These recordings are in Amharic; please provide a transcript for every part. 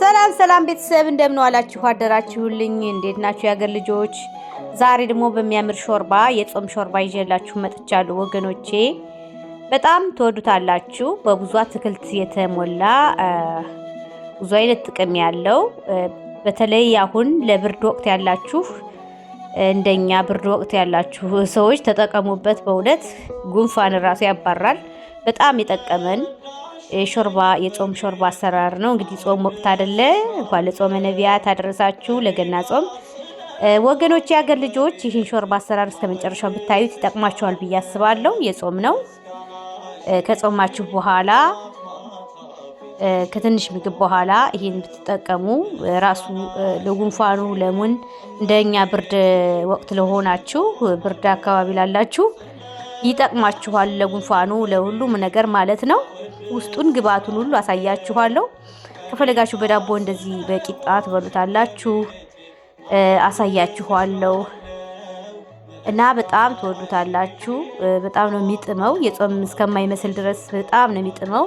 ሰላም ሰላም ቤተሰብ እንደምን ዋላችሁ አደራችሁልኝ? እንዴት ናችሁ የአገር ልጆች? ዛሬ ደግሞ በሚያምር ሾርባ የጾም ሾርባ ይዤላችሁ መጥቻለሁ ወገኖቼ። በጣም ትወዱታላችሁ። በብዙ አትክልት የተሞላ ብዙ አይነት ጥቅም ያለው በተለይ አሁን ለብርድ ወቅት ያላችሁ እንደኛ ብርድ ወቅት ያላችሁ ሰዎች ተጠቀሙበት። በእውነት ጉንፋን ራሱ ያባራል። በጣም የጠቀመን ሾርባ የጾም ሾርባ አሰራር ነው። እንግዲህ ጾም ወቅት አይደለ? እንኳን ለጾመ ነቢያት አደረሳችሁ ለገና ጾም ወገኖች፣ የሀገር ልጆች ይህን ሾርባ አሰራር እስከ መጨረሻው ብታዩት ይጠቅማችኋል ብዬ አስባለሁ። የጾም ነው። ከጾማችሁ በኋላ ከትንሽ ምግብ በኋላ ይህን ብትጠቀሙ ራሱ ለጉንፋኑ ለሙን እንደኛ ብርድ ወቅት ለሆናችሁ ብርድ አካባቢ ላላችሁ ይጠቅማችኋል። ለጉንፋኑ፣ ለሁሉም ነገር ማለት ነው። ውስጡን ግብአቱን ሁሉ አሳያችኋለሁ። ከፈለጋችሁ በዳቦ እንደዚህ በቂጣ ትበሉታላችሁ፣ አሳያችኋለሁ እና በጣም ትወዱታላችሁ። በጣም ነው የሚጥመው፣ የጾም እስከማይመስል ድረስ በጣም ነው የሚጥመው።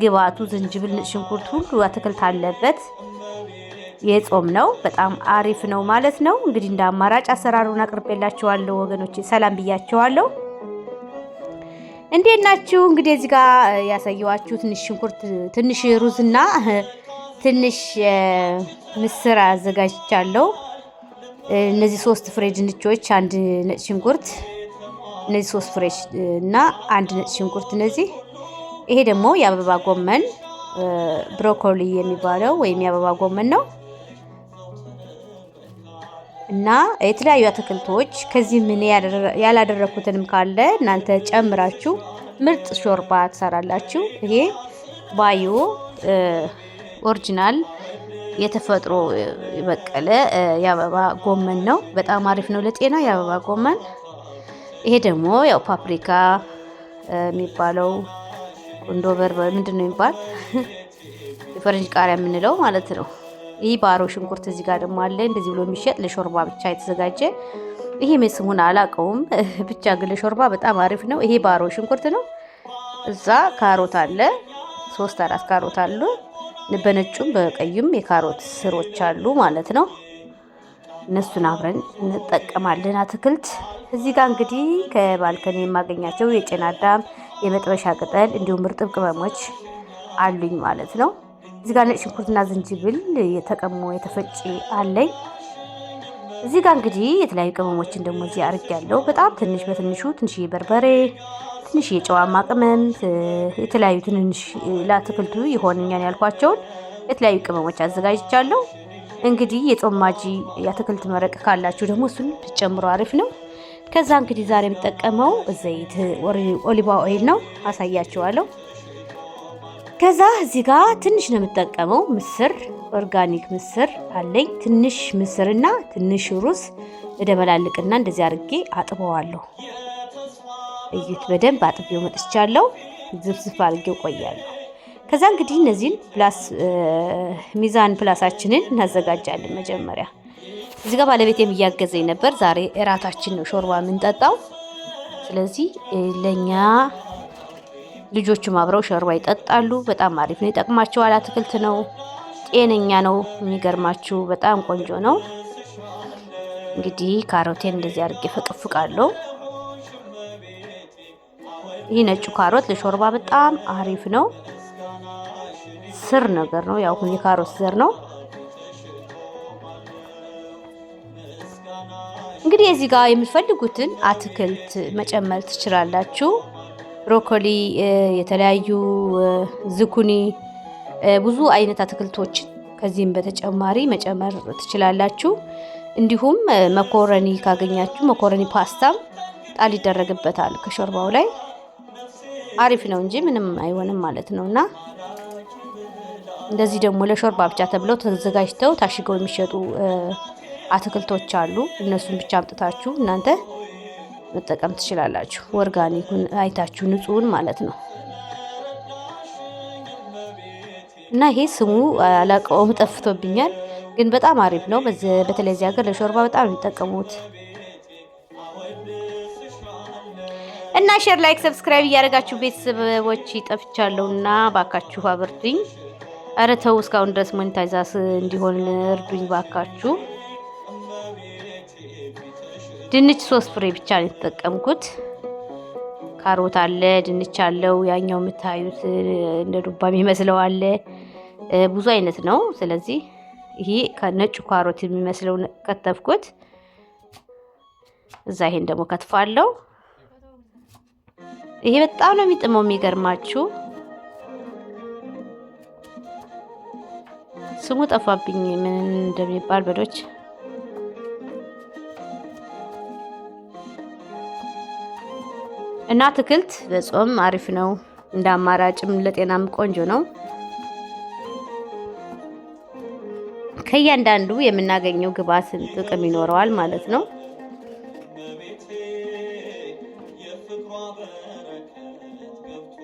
ግብአቱ ዝንጅብል፣ ነጭ ሽንኩርት፣ ሁሉ አትክልት አለበት። የጾም ነው። በጣም አሪፍ ነው ማለት ነው። እንግዲህ እንደ አማራጭ አሰራሩን አቅርቤላችኋለሁ ወገኖቼ። ሰላም ብያችኋለሁ። እንዴት ናችሁ? እንግዲህ እዚህ ጋር ያሳየዋችሁ ትንሽ ሽንኩርት፣ ትንሽ ሩዝና ትንሽ ምስር አዘጋጅቻለሁ። እነዚህ ሶስት ፍሬ ድንቾች፣ አንድ ነጭ ሽንኩርት፣ እነዚህ ሶስት ፍሬ እና አንድ ነጭ ሽንኩርት እነዚህ። ይሄ ደግሞ የአበባ ጎመን ብሮኮሊ የሚባለው ወይም የአበባ ጎመን ነው። እና የተለያዩ አትክልቶች ከዚህ ምን ያላደረግኩትንም ካለ እናንተ ጨምራችሁ ምርጥ ሾርባ ትሰራላችሁ። ይሄ ባዮ ኦሪጂናል የተፈጥሮ የበቀለ የአበባ ጎመን ነው። በጣም አሪፍ ነው ለጤና የአበባ ጎመን። ይሄ ደግሞ ያው ፓፕሪካ የሚባለው ቁንዶ በርበር ምንድን ነው የሚባል የፈረንጅ ቃሪያ የምንለው ማለት ነው። ይህ ባሮ ሽንኩርት እዚህ ጋር ደግሞ አለ። እንደዚህ ብሎ የሚሸጥ ለሾርባ ብቻ የተዘጋጀ ይሄ ስሙን አላውቀውም፣ ብቻ ግን ለሾርባ በጣም አሪፍ ነው። ይሄ ባሮ ሽንኩርት ነው። እዛ ካሮት አለ፣ ሶስት አራት ካሮት አሉ። በነጩም በቀዩም የካሮት ስሮች አሉ ማለት ነው። እነሱን አብረን እንጠቀማለን። አትክልት እዚህ ጋር እንግዲህ ከባልከኔ የማገኛቸው የጭናዳም የመጥበሻ ቅጠል እንዲሁም እርጥብ ቅመሞች አሉኝ ማለት ነው። እዚህ ጋር ነጭ ሽንኩርትና ዝንጅብል የተቀሞ የተፈጨ አለኝ። እዚህ ጋር እንግዲህ የተለያዩ ቅመሞችን ደግሞ እዚህ አድርጌያለሁ። በጣም ትንሽ በትንሹ ትንሽ በርበሬ፣ ትንሽ ጨዋማ ቅመም፣ የተለያዩ ትንንሽ ለአትክልቱ ይሆንኛል ያልኳቸውን የተለያዩ ቅመሞች አዘጋጅቻለሁ። እንግዲህ የጾም ማጂ የአትክልት መረቅ ካላችሁ ደግሞ እሱን ጨምሮ አሪፍ ነው። ከዛ እንግዲህ ዛሬ የምጠቀመው ዘይት ኦሊቫ ኦይል ነው። አሳያችኋለሁ። ከዛ እዚህ ጋር ትንሽ ነው የምጠቀመው ምስር፣ ኦርጋኒክ ምስር አለኝ። ትንሽ ምስርና ትንሽ ሩዝ እደመላልቅና እንደዚህ አድርጌ አጥበዋለሁ። እዩት፣ በደንብ አጥቤው መጥቻለሁ። ዝፍዝፍ አድርጌው ቆያለሁ። ከዛ እንግዲህ እነዚህን ሚዛን ፕላሳችንን እናዘጋጃለን። መጀመሪያ እዚህ ጋር ባለቤቴም እያገዘኝ ነበር። ዛሬ እራታችን ነው ሾርባ የምንጠጣው። ስለዚህ ለእኛ ልጆቹም አብረው ሾርባ ይጠጣሉ። በጣም አሪፍ ነው፣ ይጠቅማቸዋል። አትክልት ነው፣ ጤነኛ ነው። የሚገርማችሁ በጣም ቆንጆ ነው። እንግዲህ ካሮቴን እንደዚህ አድርጌ ፈቅፍቃለሁ። ይህ ነጩ ካሮት ለሾርባ በጣም አሪፍ ነው። ስር ነገር ነው፣ ያው የካሮት ዘር ነው። እንግዲህ እዚህ ጋር የምትፈልጉትን አትክልት መጨመር ትችላላችሁ። ብሮኮሊ፣ የተለያዩ ዝኩኒ፣ ብዙ አይነት አትክልቶችን ከዚህም በተጨማሪ መጨመር ትችላላችሁ። እንዲሁም መኮረኒ ካገኛችሁ መኮረኒ ፓስታም ጣል ይደረግበታል ከሾርባው ላይ አሪፍ ነው እንጂ ምንም አይሆንም ማለት ነው። እና እንደዚህ ደግሞ ለሾርባ ብቻ ተብለው ተዘጋጅተው ታሽገው የሚሸጡ አትክልቶች አሉ። እነሱን ብቻ አምጥታችሁ እናንተ መጠቀም ትችላላችሁ። ኦርጋኒኩን አይታችሁ ንጹህን ማለት ነው። እና ይሄ ስሙ አላቀውም ጠፍቶብኛል፣ ግን በጣም አሪፍ ነው። በተለይ እዚህ ሀገር ለሾርባ በጣም የሚጠቀሙት እና ሼር፣ ላይክ፣ ሰብስክራይብ እያደረጋችሁ ቤተሰቦች ይጠፍቻለሁ እና ባካችሁ አብርቱኝ። ኧረ ተው እስካሁን ድረስ ሞኔታይዛስ እንዲሆን እርዱኝ ባካችሁ። ድንች ሶስት ፍሬ ብቻ ነው የተጠቀምኩት። ካሮት አለ፣ ድንች አለው፣ ያኛው የምታዩት እንደ ዱባ የሚመስለው አለ። ብዙ አይነት ነው። ስለዚህ ይሄ ከነጩ ካሮት የሚመስለው ከተፍኩት። እዛ ይሄን ደግሞ ከትፋለው። ይሄ በጣም ነው የሚጥመው የሚገርማችሁ። ስሙ ጠፋብኝ ምን እንደሚባል በዶች እና አትክልት በጾም አሪፍ ነው። እንደ አማራጭም ለጤናም ቆንጆ ነው። ከእያንዳንዱ የምናገኘው ግብአት ጥቅም ይኖረዋል ማለት ነው።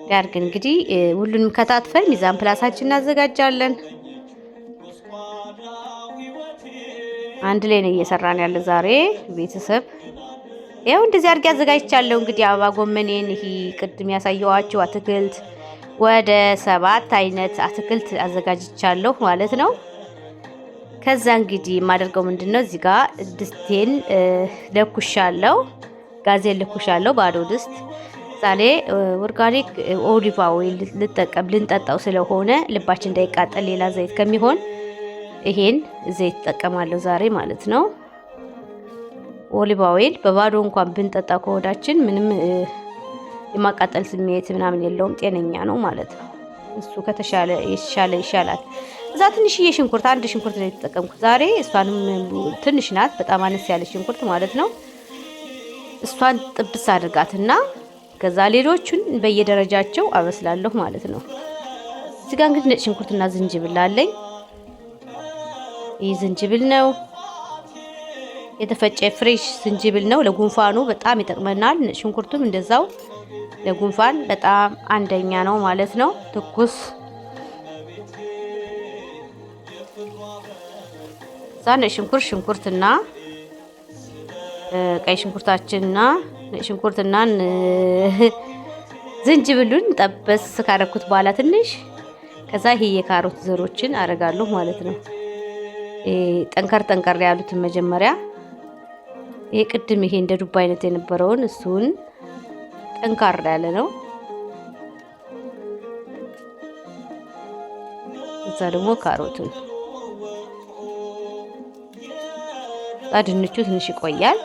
ዳር ግን እንግዲህ ሁሉንም ከታትፈን ሚዛን ፕላሳችን እናዘጋጃለን። አንድ ላይ ነው እየሰራን ያለ ዛሬ ቤተሰብ ያው እንደዚህ አድርጌ አዘጋጅቻለሁ። እንግዲህ አበባ ጎመኔን ይሄ ቅድም ያሳየዋችሁ አትክልት ወደ ሰባት አይነት አትክልት አዘጋጅቻለሁ ማለት ነው። ከዛ እንግዲህ የማደርገው ምንድነው እዚህ ጋር ድስቴን ለኩሻለሁ፣ ጋዜን ለኩሻለሁ፣ ባዶ ድስት ምሳሌ ኦርጋኒክ ኦሊቭ ኦይል ልጠቀም ልንጠጣው ስለሆነ ልባችን እንዳይቃጠል ሌላ ዘይት ከሚሆን ይሄን ዘይት እጠቀማለሁ ዛሬ ማለት ነው። ኦሊቭ ኦይል በባዶ እንኳን ብንጠጣ ከሆዳችን ምንም የማቃጠል ስሜት ምናምን የለውም። ጤነኛ ነው ማለት ነው። እሱ ከተሻለ የተሻለ ይሻላል። እዛ ትንሽዬ ሽንኩርት አንድ ሽንኩርት ነው የተጠቀምኩት ዛሬ። እሷንም ትንሽ ናት፣ በጣም አነስ ያለ ሽንኩርት ማለት ነው። እሷን ጥብስ አድርጋትና ከዛ ሌሎቹን በየደረጃቸው አበስላለሁ ማለት ነው። እዚጋ እንግዲህ ነጭ ሽንኩርትና ዝንጅብል አለኝ። ይህ ዝንጅብል ነው። የተፈጨ ፍሬሽ ዝንጅብል ነው። ለጉንፋኑ በጣም ይጠቅመናል። ሽንኩርቱም እንደዛው ለጉንፋን በጣም አንደኛ ነው ማለት ነው። ትኩስ እዛ ነጭ ሽንኩርት ሽንኩርትና ቀይ ሽንኩርታችንና ነጭ ሽንኩርትና ዝንጅብሉን ጠበስ ካረኩት በኋላ ትንሽ ከዛ ይሄ የካሮት ዘሮችን አረጋለሁ ማለት ነው። ጠንከር ጠንከር ያሉትን መጀመሪያ የቅድም ይሄ እንደ ዱባ አይነት የነበረውን እሱን ጠንካራ ያለ ነው። እዛ ደግሞ ካሮቱን ድንቹ ትንሽ ይቆያል።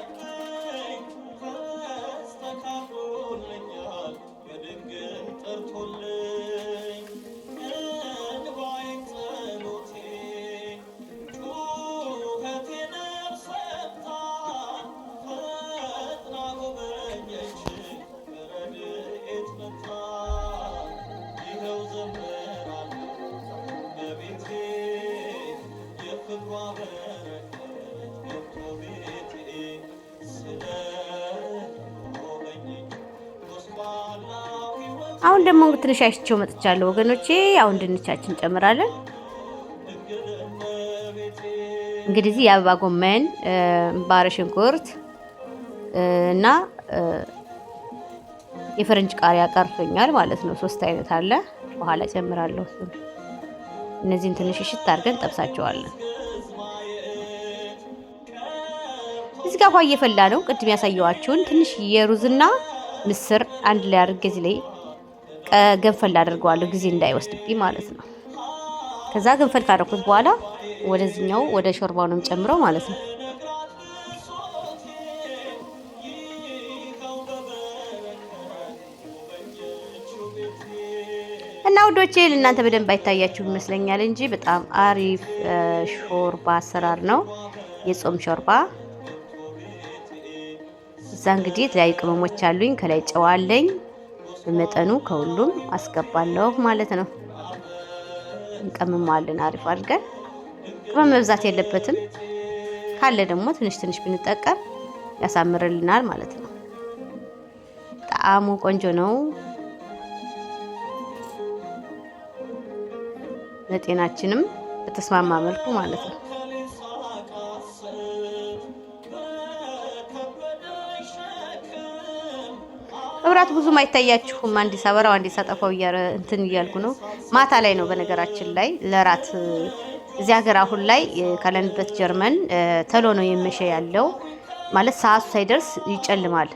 አሁን ደግሞ ትንሽ አይቼው መጥቻለሁ ወገኖቼ። አሁን ድንቻችን ጨምራለን። እንግዲህ የአበባ ጎመን፣ ባረ ሽንኩርት እና የፈረንጅ ቃሪያ ቀርቶኛል ማለት ነው። ሶስት አይነት አለ። በኋላ ጨምራለሁ። እነዚህን ትንሽ እሽት አድርገን ጠብሳቸዋለን። እዚህ ጋር ውሃ እየፈላ ነው። ቅድም ያሳየዋችሁን ትንሽ የሩዝና ምስር አንድ ላይ አድርጌ እዚህ ላይ ገንፈል ላደርገዋለሁ ጊዜ እንዳይወስድብኝ ማለት ነው። ከዛ ገንፈል ካደረኩት በኋላ ወደዚህኛው ወደ ሾርባው ነው ጨምረው ማለት ነው። እና ውዶቼ ለእናንተ በደንብ አይታያችሁ ይመስለኛል እንጂ በጣም አሪፍ ሾርባ አሰራር ነው፣ የጾም ሾርባ። እዛ እንግዲህ የተለያዩ ቅመሞች አሉኝ። ከላይ ጨዋለኝ። በመጠኑ ከሁሉም አስገባለሁ ማለት ነው። እንቀምማለን አሪፍ አድርገን። ቅመም መብዛት የለበትም። ካለ ደግሞ ትንሽ ትንሽ ብንጠቀም ያሳምርልናል ማለት ነው። ጣዕሙ ቆንጆ ነው። ለጤናችንም በተስማማ መልኩ ማለት ነው። መብራት ብዙም አይታያችሁም። አንድ ሰበራው አንድ ሳጠፋው እንትን እያልኩ ነው። ማታ ላይ ነው በነገራችን ላይ ለራት እዚህ ሀገር አሁን ላይ ካለንበት ጀርመን ተሎ ነው የመሸ ያለው ማለት ሰዓቱ ሳይደርስ ይጨልማል።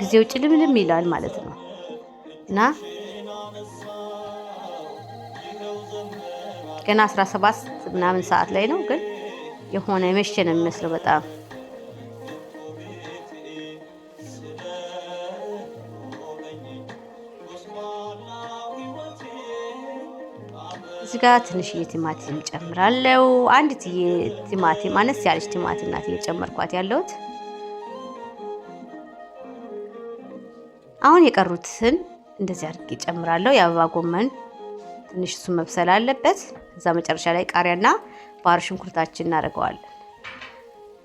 ጊዜው ጭልምልም ይላል ማለት ነው እና ገና 17 ምናምን ሰዓት ላይ ነው ግን የሆነ የመሸ ነው የሚመስለው በጣም እዚህ ጋር ትንሽዬ ቲማቲም ጨምራለሁ። አንድ ቲማቲም አነስ ያለች ቲማቲም ናት እየጨመርኳት ያለሁት። አሁን የቀሩትን እንደዚህ አድርጌ ጨምራለሁ። የአበባ ጎመን ትንሽ እሱ መብሰል አለበት። እዛ መጨረሻ ላይ ቃሪያና ባህር ሽንኩርታችን እናደርገዋለን።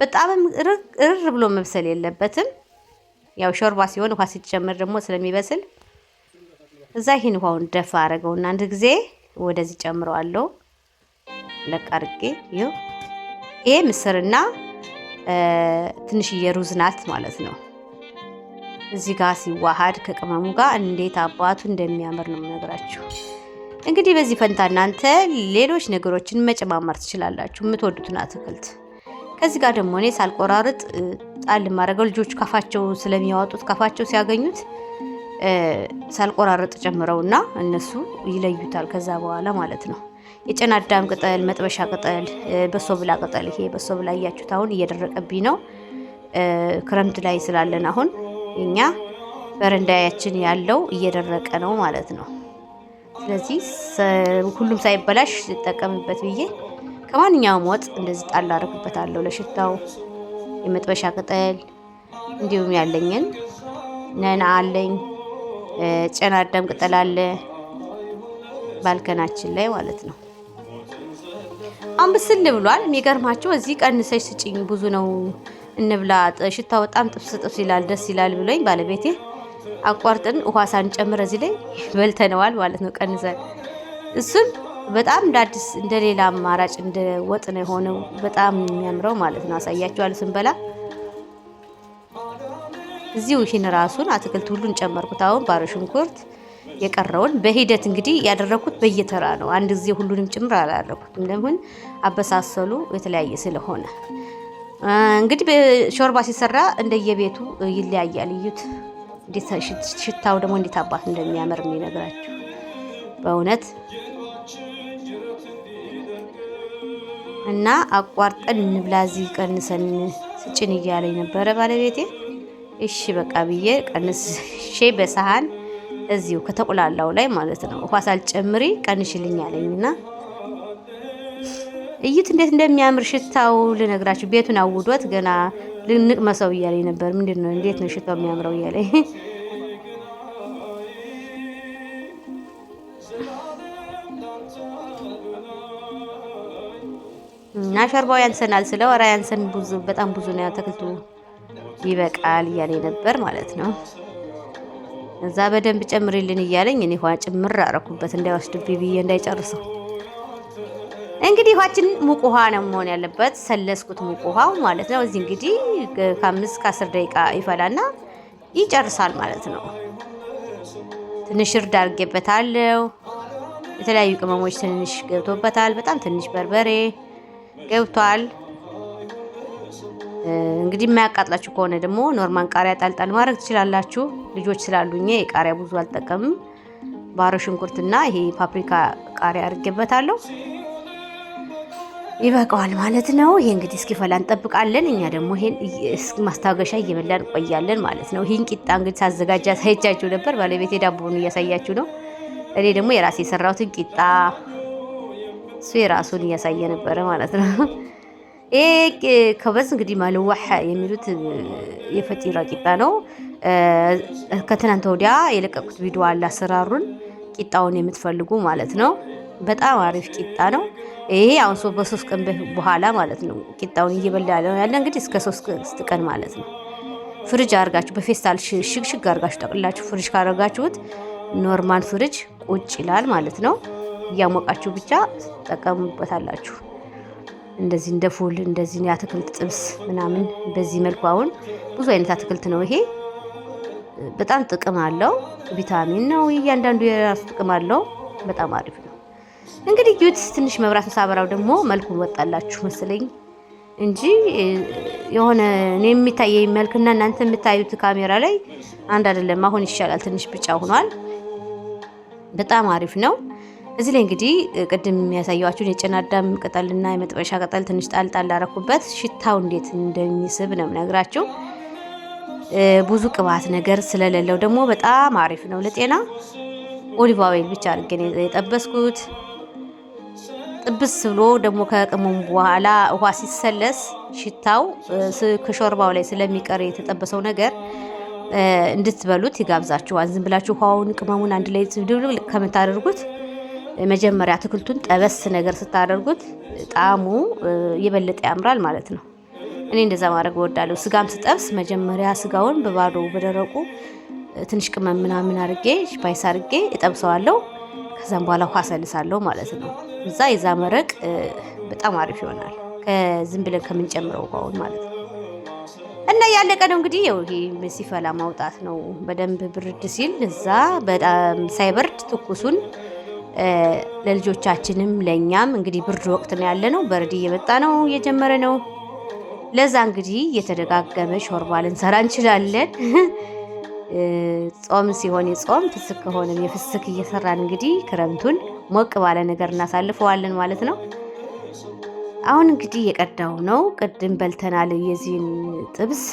በጣም ርር ብሎ መብሰል የለበትም። ያው ሾርባ ሲሆን ውሃ ሲጨምር ደግሞ ስለሚበስል እዛ ይህን ውሃውን ደፋ አደረገውና አንድ ጊዜ ወደዚህ ጨምረዋለሁ። ለቅ አድርጌ ይኸው። ይሄ ምስርና ትንሽዬ ሩዝ ናት ማለት ነው። እዚህ ጋር ሲዋሃድ ከቅመሙ ጋር እንዴት አባቱ እንደሚያምር ነው የምነግራችሁ። እንግዲህ በዚህ ፈንታ እናንተ ሌሎች ነገሮችን መጨማመር ትችላላችሁ፣ የምትወዱትን አትክልት። ከዚህ ጋር ደግሞ እኔ ሳልቆራርጥ ጣል የማደርገው ልጆቹ ካፋቸው ስለሚያወጡት ካፋቸው ሲያገኙት ሳልቆራረጥ ጨምረውና እነሱ ይለዩታል ከዛ በኋላ ማለት ነው። የጨናዳም ቅጠል፣ መጥበሻ ቅጠል፣ በሶ ብላ ቅጠል። ይሄ በሶ ብላ እያችሁት አሁን እየደረቀብኝ ነው። ክረምት ላይ ስላለን አሁን እኛ በረንዳያችን ያለው እየደረቀ ነው ማለት ነው። ስለዚህ ሁሉም ሳይበላሽ ልጠቀምበት ብዬ ከማንኛውም ወጥ እንደዚህ ጣል አደርግበታለሁ። ለሽታው የመጥበሻ ቅጠል እንዲሁም ያለኝን ነና አለኝ ጨና አዳም ቅጠል አለ ባልከናችን ላይ ማለት ነው። አሁን ብሏል። የሚገርማቸው እዚህ ቀንሰሽ ስጭኝ ብዙ ነው እንብላ፣ ሽታ በጣም ጥብስ ጥብስ ይላል ደስ ይላል ብሎኝ ባለቤቴ አቋርጥን ውሃ ሳንጨምር እዚህ ላይ በልተነዋል ማለት ነው። ቀንሰን እሱን በጣም እንደ አዲስ እንደሌላ አማራጭ እንደ ወጥ ነው የሆነው። በጣም የሚያምረው ማለት ነው። አሳያችኋል ስንበላ እዚሁ ይህን ራሱን አትክልት ሁሉን ጨመርኩት። አሁን ባሮ ሽንኩርት የቀረውን በሂደት እንግዲህ ያደረኩት በየተራ ነው። አንድ ጊዜ ሁሉንም ጭምር አላደረኩትም። ለምን አበሳሰሉ የተለያየ ስለሆነ እንግዲህ ሾርባ ሲሰራ እንደየቤቱ ይለያያል። እዩት፣ ሽታው ደግሞ እንዴት አባት እንደሚያምር የሚነግራችሁ በእውነት እና አቋርጠን እንብላ እዚህ ቀንሰን ስጭን እያለኝ ነበረ ባለቤቴ። እሺ በቃ ብዬ ቀንሼ በሰሃን እዚሁ ከተቆላላው ላይ ማለት ነው ውሃ ሳልጨምሪ ቀንሽልኝ አለኝና እይት እንዴት እንደሚያምር ሽታው ልነግራችሁ፣ ቤቱን አውዶት ገና ልንቅመሰው እያለኝ ነበር። ምንድን ነው እንዴት ነው ሽታው የሚያምረው እያለኝ እና ያንሰናል ስለ ወራ ያንሰን ብዙ በጣም ብዙ ነው ያተክልቱ ይበቃል እያለኝ ነበር ማለት ነው። እዛ በደንብ ጨምሪልን እያለኝ እኔ ውሃ ጭምር አረኩበት እንዳይወስድብኝ ብዬ እንዳይጨርሰው። እንግዲህ ውሃችን ሙቅ ውሃ ነው መሆን ያለበት። ሰለስኩት ሙቅ ውሃው ማለት ነው። እዚህ እንግዲህ ከአምስት ከአስር ደቂቃ ይፈላና ይጨርሳል ማለት ነው። ትንሽ እርድ አድርጌበታለሁ። የተለያዩ ቅመሞች ትንሽ ገብቶበታል። በጣም ትንሽ በርበሬ ገብቷል። እንግዲህ የማያቃጥላችሁ ከሆነ ደግሞ ኖርማን ቃሪያ ጣልጣል ማድረግ ትችላላችሁ። ልጆች ስላሉኝ የቃሪያ ብዙ አልጠቀምም። ባሮ ሽንኩርትና ይሄ ፓፕሪካ ቃሪያ አድርጌበታለሁ። ይበቃዋል ማለት ነው። ይሄ እንግዲህ እስኪፈላ እንጠብቃለን። እኛ ደግሞ ይሄን ማስታገሻ እየበላን እንቆያለን ማለት ነው። ይህን ቂጣ እንግዲህ ሳዘጋጃ ሳይቻችሁ ነበር። ባለቤቴ ዳቦውን እያሳያችሁ ነው። እኔ ደግሞ የራሴ የሰራሁትን ቂጣ እሱ የራሱን እያሳየ ነበረ ማለት ነው። ይሄ ከበዝ እንግዲህ ማለዋሐ የሚሉት የፈጢራ ቂጣ ነው። ከትናንት ወዲያ የለቀቁት ቪዲዮ አለ አሰራሩን ቂጣውን የምትፈልጉ ማለት ነው። በጣም አሪፍ ቂጣ ነው። ይሄ አሁን በሶስት ቀን በኋላ ማለት ነው ቂጣውን እየበላ ያለ ያለ እንግዲህ እስከ ሶስት ቀን ማለት ነው። ፍርጅ አርጋችሁ በፌስታል ሽግሽግ አርጋችሁ ጠቅላችሁ ፍርጅ ካረጋችሁት ኖርማል ፍርጅ ቁጭ ይላል ማለት ነው። እያሞቃችሁ ብቻ ትጠቀሙበታላችሁ። እንደዚህ እንደ ፉል እንደዚህ የአትክልት ጥብስ ምናምን በዚህ መልኩ አሁን ብዙ አይነት አትክልት ነው ይሄ። በጣም ጥቅም አለው፣ ቪታሚን ነው። እያንዳንዱ የራሱ ጥቅም አለው። በጣም አሪፍ ነው። እንግዲህ ዩት ትንሽ መብራት ሳበራው ደግሞ መልኩን ወጣላችሁ መስለኝ እንጂ የሆነ እኔ የሚታየኝ መልክና እናንተ የምታዩት ካሜራ ላይ አንድ አይደለም። አሁን ይሻላል፣ ትንሽ ቢጫ ሆኗል። በጣም አሪፍ ነው። እዚህ ላይ እንግዲህ ቅድም የሚያሳየዋችሁን የጨናዳም ቅጠልና የመጥበሻ ቅጠል ትንሽ ጣል ጣል አረኩበት። ሽታው እንዴት እንደሚስብ ነው ነግራችሁ። ብዙ ቅባት ነገር ስለሌለው ደግሞ በጣም አሪፍ ነው ለጤና። ኦሊቭ ኦይል ብቻ አድርጌ የጠበስኩት ጥብስ ብሎ ደግሞ ከቅመሙ በኋላ ውሃ ሲሰለስ ሽታው ከሾርባው ላይ ስለሚቀር የተጠበሰው ነገር እንድትበሉት ይጋብዛችኋል። ዝም ብላችሁ ውሃውን ቅመሙን አንድ ላይ ድብልብል ከምታደርጉት መጀመሪያ አትክልቱን ጠበስ ነገር ስታደርጉት ጣዕሙ የበለጠ ያምራል ማለት ነው። እኔ እንደዛ ማድረግ እወዳለሁ። ስጋም ስጠብስ መጀመሪያ ስጋውን በባዶ በደረቁ ትንሽ ቅመም ምናምን አድርጌ ሽፓይስ አድርጌ እጠብሰዋለሁ። ከዛም በኋላ ውሃ አሰልሳለሁ ማለት ነው። እዛ የዛ መረቅ በጣም አሪፍ ይሆናል። ከዝም ብለን ከምንጨምረው ውሃውን ማለት ነው። እና ያለቀ ነው እንግዲህ ይኸው ይሄ ሲፈላ ማውጣት ነው። በደንብ ብርድ ሲል እዛ በጣም ሳይበርድ ትኩሱን ለልጆቻችንም ለእኛም እንግዲህ ብርድ ወቅት ነው ያለ ነው። በርድ እየመጣ ነው እየጀመረ ነው። ለዛ እንግዲህ እየተደጋገመ ሾርባ ልንሰራ እንችላለን። ጾም ሲሆን የጾም ፍስክ ከሆነም የፍስክ እየሰራን እንግዲህ ክረምቱን ሞቅ ባለ ነገር እናሳልፈዋለን ማለት ነው። አሁን እንግዲህ የቀዳው ነው። ቅድም በልተናል የዚህን ጥብስ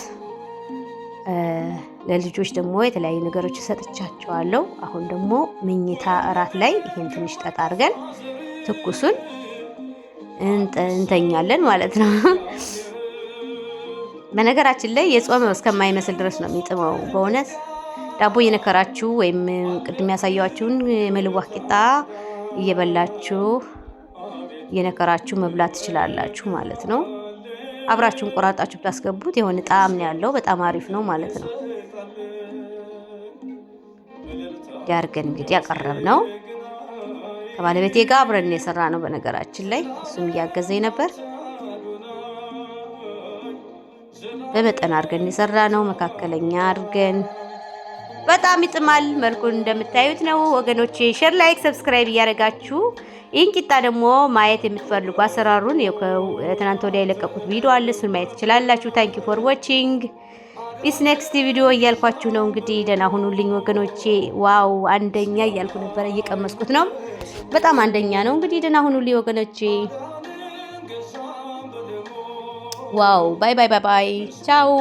ለልጆች ደግሞ የተለያዩ ነገሮች ሰጥቻቸዋለሁ። አሁን ደግሞ ምኝታ እራት ላይ ይህን ትንሽ ጠጣ አድርገን ትኩሱን እንተኛለን ማለት ነው። በነገራችን ላይ የጾመው እስከማይመስል ድረስ ነው የሚጥመው። በእውነት ዳቦ እየነከራችሁ ወይም ቅድም ያሳየኋችሁን የመልዋህ ቂጣ እየበላችሁ እየነከራችሁ መብላት ትችላላችሁ ማለት ነው። አብራችሁን ቆራጣችሁ ብታስገቡት የሆነ ጣዕም ነው ያለው። በጣም አሪፍ ነው ማለት ነው። ያርገን እንግዲህ ያቀረብ ነው ከባለቤቴ ጋር አብረን የሰራ ነው። በነገራችን ላይ እሱም እያገዘኝ ነበር። በመጠን አድርገን የሰራ ነው መካከለኛ አድርገን በጣም ይጥማል። መልኩን እንደምታዩት ነው ወገኖቼ። ሼር፣ ላይክ፣ ሰብስክራይብ እያደረጋችሁ ይህን ቂጣ ደግሞ ማየት የምትፈልጉ አሰራሩን ትናንት ወዲያ የለቀቁት ቪዲዮ አለ፣ እሱን ማየት ትችላላችሁ። ታንኪ ፎር ዋቺንግ ኢስ ኔክስት ቪዲዮ እያልኳችሁ ነው እንግዲህ ደህና ሁኑልኝ ወገኖቼ። ዋው አንደኛ እያልኩ ነበረ እየቀመስኩት ነው። በጣም አንደኛ ነው እንግዲህ ደህና ሁኑልኝ ወገኖቼ። ዋው ባይ ባይ ባይ ባይ ቻው